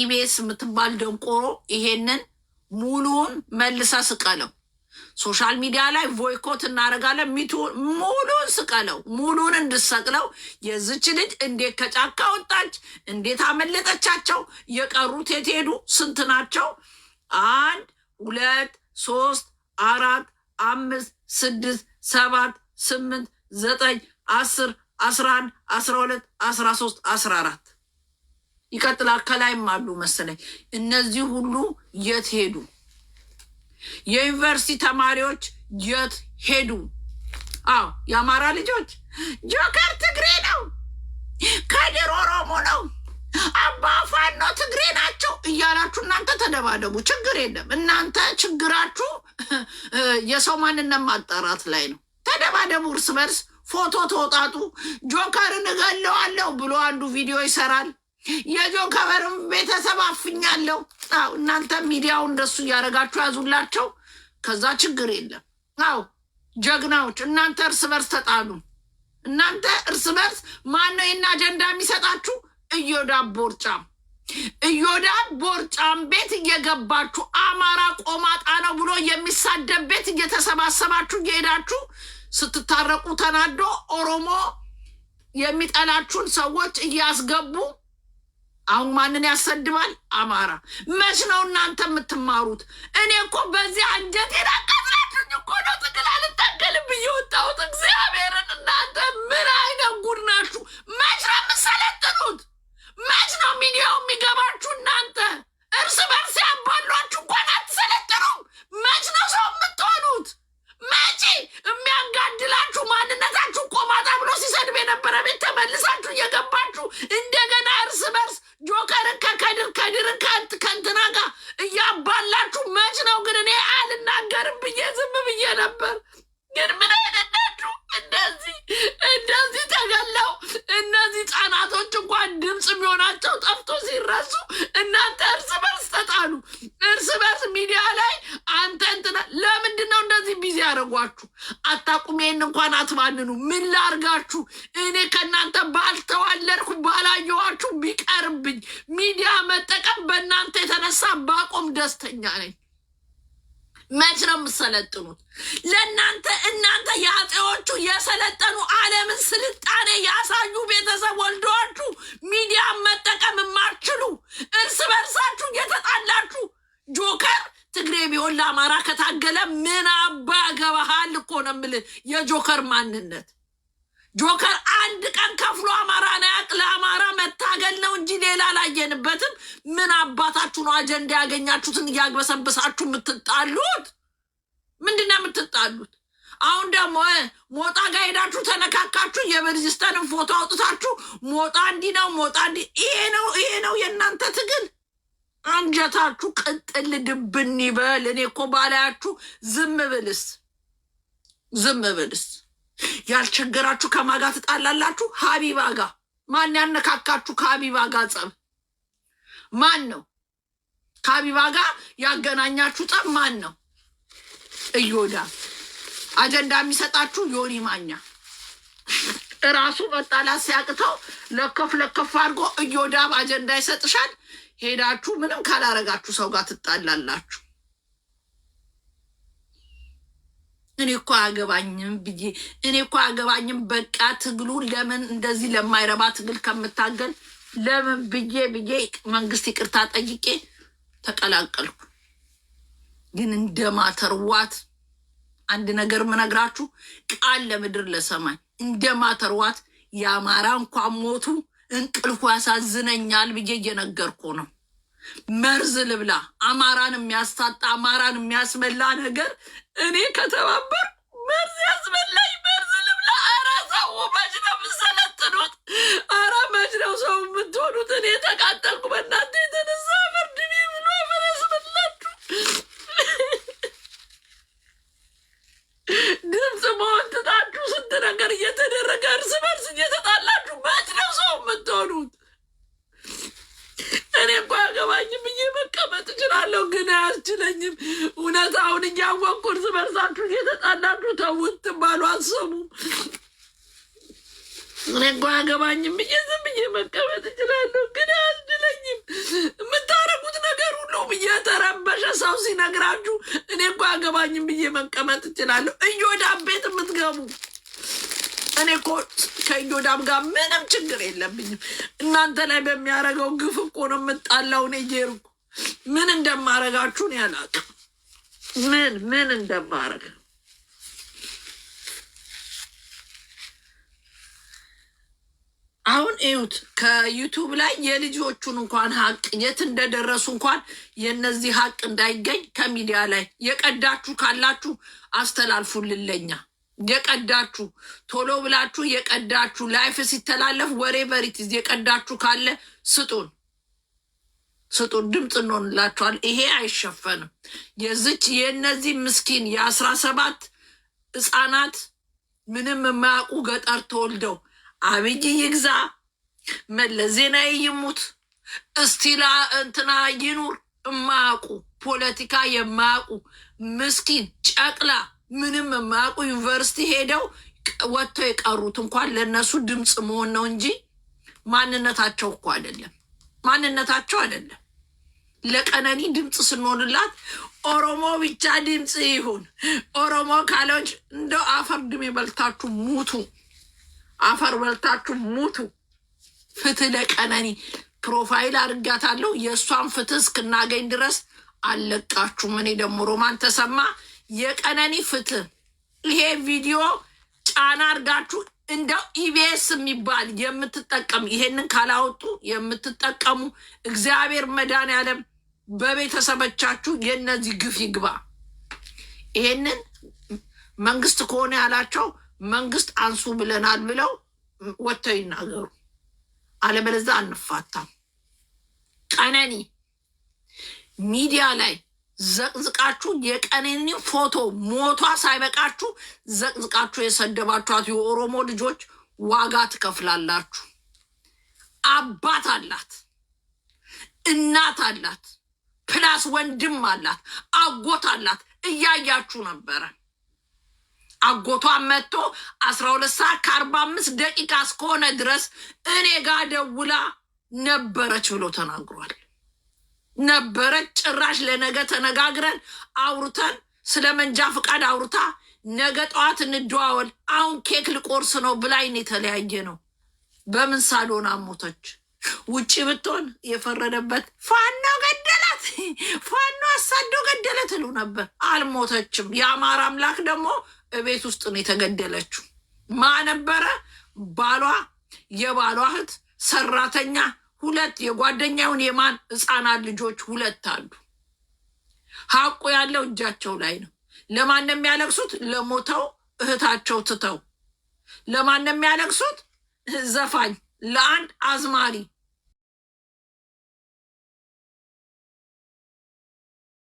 ኢቢኤስ የምትባል ደንቆሮ ይሄንን ሙሉውን መልሳ ስቀለው። ሶሻል ሚዲያ ላይ ቮይኮት እናደርጋለን ሚቱ ሙሉን ስቀለው፣ ሙሉን እንድሰቅለው። የዝች ልጅ እንዴት ከጫካ ወጣች? እንዴት አመለጠቻቸው? የቀሩት የት ሄዱ? ስንት ናቸው? አንድ ሁለት ሶስት አራት አምስት ስድስት ሰባት ስምንት ዘጠኝ አስር አስራ አንድ አስራ ሁለት አስራ ሶስት አስራ አራት ይቀጥላል። ከላይም አሉ መሰለኝ። እነዚህ ሁሉ የት ሄዱ? የዩኒቨርሲቲ ተማሪዎች የት ሄዱ? አዎ የአማራ ልጆች ጆከር ትግሬ ነው፣ ከድር ኦሮሞ ነው፣ አባ ትግሬ ናቸው እያላችሁ እናንተ ተደባደቡ፣ ችግር የለም። እናንተ ችግራችሁ የሰው ማንነት ማጣራት ላይ ነው። ተደባደቡ እርስ በርስ ፎቶ ተወጣጡ። ጆከርን እገለዋለሁ ብሎ አንዱ ቪዲዮ ይሰራል። የጆን ከበርም ቤተሰብ አፍኛለሁ። አዎ እናንተ ሚዲያው እንደሱ እያደረጋችሁ ያዙላቸው፣ ከዛ ችግር የለም። አዎ ጀግናዎች እናንተ እርስ በርስ ተጣሉ። እናንተ እርስ በርስ ማነው ይህን አጀንዳ የሚሰጣችሁ? እዮዳ ቦርጫም እዮዳ ቦርጫም ቤት እየገባችሁ አማራ ቆማጣ ነው ብሎ የሚሳደብ ቤት እየተሰባሰባችሁ እየሄዳችሁ ስትታረቁ ተናዶ ኦሮሞ የሚጠላችሁን ሰዎች እያስገቡ አሁን ማንን ያሰድባል? አማራ መች ነው እናንተ የምትማሩት? እኔ እኮ በዚህ አንጀት ሄዳቀዝላችሁኝ እኮ ነው ትግል አልታገልም ብዬ እግዚአብሔርን እናንተ ምን አይነት ጉድ ናችሁ? መች ነው የምሰለጥኑት? መች ነው ሚዲያው የሚገባችሁ? አሉ። እርስ በርስ ሚዲያ ላይ አንተ እንትና ለምንድን ነው እንደዚህ ቢዚ ያደረጓችሁ? አታቁም። ይህን እንኳን አትባንኑ። ምን ላርጋችሁ? እኔ ከእናንተ ባልተዋለድኩ ባላየኋችሁ ቢቀርብኝ ሚዲያ መጠቀም በእናንተ የተነሳ ባቆም ደስተኛ ነኝ። መች ነው የምትሰለጥኑት? ለእናንተ እናንተ የአጼዎቹ የሰለጠኑ ዓለምን ስልጣኔ ያሳዩ ቤተሰብ ወልዶቹ ሚዲያን መጠቀም የማችሉ እርስ በርሳችሁ የተጣላችሁ ጆከር ትግሬ ቢሆን ለአማራ ከታገለ ምን አባ ገባሃል እኮ ነው የምልህ የጆከር ማንነት ጆከር አንድ ቀን ከፍሎ አማራ ያቅ ለአማራ መታገል ነው እንጂ ሌላ አላየንበትም። ምን አባታችሁ ነው አጀንዳ ያገኛችሁትን እያግበሰብሳችሁ የምትጣሉት? ምንድን ነው የምትጣሉት? አሁን ደግሞ ሞጣ ጋር ሄዳችሁ ተነካካችሁ፣ የበርጅስተንን ፎቶ አውጥታችሁ ሞጣ እንዲህ ነው ሞጣ እንዲህ ይሄ ነው ይሄ ነው የእናንተ ትግል። አንጀታችሁ ቅጥል ድብን ይበል። እኔ እኮ ባላያችሁ ዝም ብልስ ዝም ብልስ ያልቸገራችሁ ከማጋ ትጣላላችሁ? ሀቢባ ጋ ማን ያነካካችሁ? ከሀቢባ ጋ ጸብ ማን ነው? ከሀቢባ ጋ ያገናኛችሁ ጸብ ማን ነው? እዮዳ አጀንዳ የሚሰጣችሁ ዮኒ ማኛ እራሱ መጣላት ሲያቅተው ለከፍ ለከፍ አድርጎ እዮዳብ አጀንዳ ይሰጥሻል። ሄዳችሁ ምንም ካላረጋችሁ ሰው ጋር ትጣላላችሁ። እኮ አያገባኝም ብዬ እኔ እኮ አገባኝም በቃ ትግሉ ለምን እንደዚህ ለማይረባ ትግል ከምታገል ለምን ብዬ ብዬ መንግስት ይቅርታ ጠይቄ ተቀላቀልኩ። ግን እንደ ማተርዋት አንድ ነገር ምነግራችሁ ቃል ለምድር ለሰማይ እንደ ማተርዋት የአማራ እንኳን ሞቱ እንቅልፉ ያሳዝነኛል ብዬ እየነገርኩ ነው። መርዝ ልብላ አማራን የሚያስታጣ አማራን የሚያስመላ ነገር እኔ ከተባበር መርዝ ያስ እኔ እኮ አገባኝም ብዬ ዝም ብዬ መቀመጥ እችላለሁ፣ ግን አያስችለኝም። የምታረጉት ነገር ሁሉ ተረበሸ ሰው ሲነግራችሁ እኔ እኮ አገባኝም ብዬ መቀመጥ እችላለሁ። እዮዳብ ቤት የምትገቡ እኔ እኮ ከእዮዳብ ጋር ምንም ችግር የለብኝም። እናንተ ላይ በሚያደርገው ግፍ እኮ ነው የምጣላው። እኔ ምን እንደማረጋችሁ እኔ ምን ምን እንደማረግ አሁን እዩት ከዩቱብ ላይ የልጆቹን እንኳን ሀቅ የት እንደደረሱ እንኳን የነዚህ ሀቅ እንዳይገኝ ከሚዲያ ላይ የቀዳችሁ ካላችሁ አስተላልፉልለኛ የቀዳችሁ ቶሎ ብላችሁ የቀዳችሁ ላይፍ ሲተላለፍ ወሬ በሪቲዝ የቀዳችሁ ካለ ስጡን ስጡን፣ ድምፅ እንሆንላችኋል። ይሄ አይሸፈንም። የዝች የእነዚህ ምስኪን የአስራ ሰባት ህፃናት ምንም የማያውቁ ገጠር ተወልደው አብይ ይግዛ፣ መለስ ዜናዊ ይሙት፣ እስቲላ እንትና ይኑር እማያውቁ ፖለቲካ የማያውቁ ምስኪን ጨቅላ ምንም የማያውቁ ዩኒቨርሲቲ ሄደው ወጥተው የቀሩት እንኳን ለእነሱ ድምፅ መሆን ነው እንጂ ማንነታቸው እኮ አይደለም። ማንነታቸው አይደለም። ለቀነኒ ድምፅ ስንሆንላት ኦሮሞ ብቻ ድምፅ ይሁን ኦሮሞ ካለች እንደ አፈር ድሜ በልታችሁ ሙቱ። አፈር በልታችሁ ሙቱ። ፍትህ ለቀነኒ ፕሮፋይል አድርጋታለሁ። የእሷን ፍትህ እስክናገኝ ድረስ አልለቃችሁም። እኔ ደግሞ ሮማን ተሰማ የቀነኒ ፍትህ ይሄ ቪዲዮ ጫና አድርጋችሁ እንደው ኢቢኤስ የሚባል የምትጠቀሙ ይሄንን ካላወጡ የምትጠቀሙ እግዚአብሔር መድኃኒዓለም በቤተሰቦቻችሁ የእነዚህ ግፍ ይግባ። ይሄንን መንግስት ከሆነ ያላቸው መንግስት አንሱ ብለናል ብለው ወጥተው ይናገሩ። አለበለዚያ አንፋታም። ቀነኒ ሚዲያ ላይ ዘቅዝቃችሁ የቀነኒ ፎቶ ሞቷ ሳይበቃችሁ ዘቅዝቃችሁ የሰደባችኋት የኦሮሞ ልጆች ዋጋ ትከፍላላችሁ። አባት አላት፣ እናት አላት፣ ፕላስ ወንድም አላት፣ አጎት አላት። እያያችሁ ነበረ። አጎቷ መጥቶ አስራ ሁለት ሰዓት ከአርባ አምስት ደቂቃ እስከሆነ ድረስ እኔ ጋር ደውላ ነበረች ብሎ ተናግሯል። ነበረች ጭራሽ ለነገ ተነጋግረን አውርተን ስለ መንጃ ፈቃድ አውርታ ነገ ጠዋት እንደዋወል፣ አሁን ኬክ ልቆርስ ነው ብላይን የተለያየ ነው። በምን ሳልሆን አሞተች። ውጭ ብትሆን የፈረደበት ፋኖ ገደላት፣ ፋኖ አሳዶ ገደለት እሉ ነበር። አልሞተችም። የአማራ አምላክ ደግሞ እቤት ውስጥ ነው የተገደለችው። ማ ነበረ ባሏ፣ የባሏ እህት፣ ሰራተኛ ሁለት የጓደኛውን የማን ህፃናት ልጆች ሁለት አሉ። ሀቁ ያለው እጃቸው ላይ ነው። ለማን ነው የሚያለቅሱት? ለሞተው እህታቸው ትተው። ለማን ነው የሚያለቅሱት? ዘፋኝ ለአንድ አዝማሪ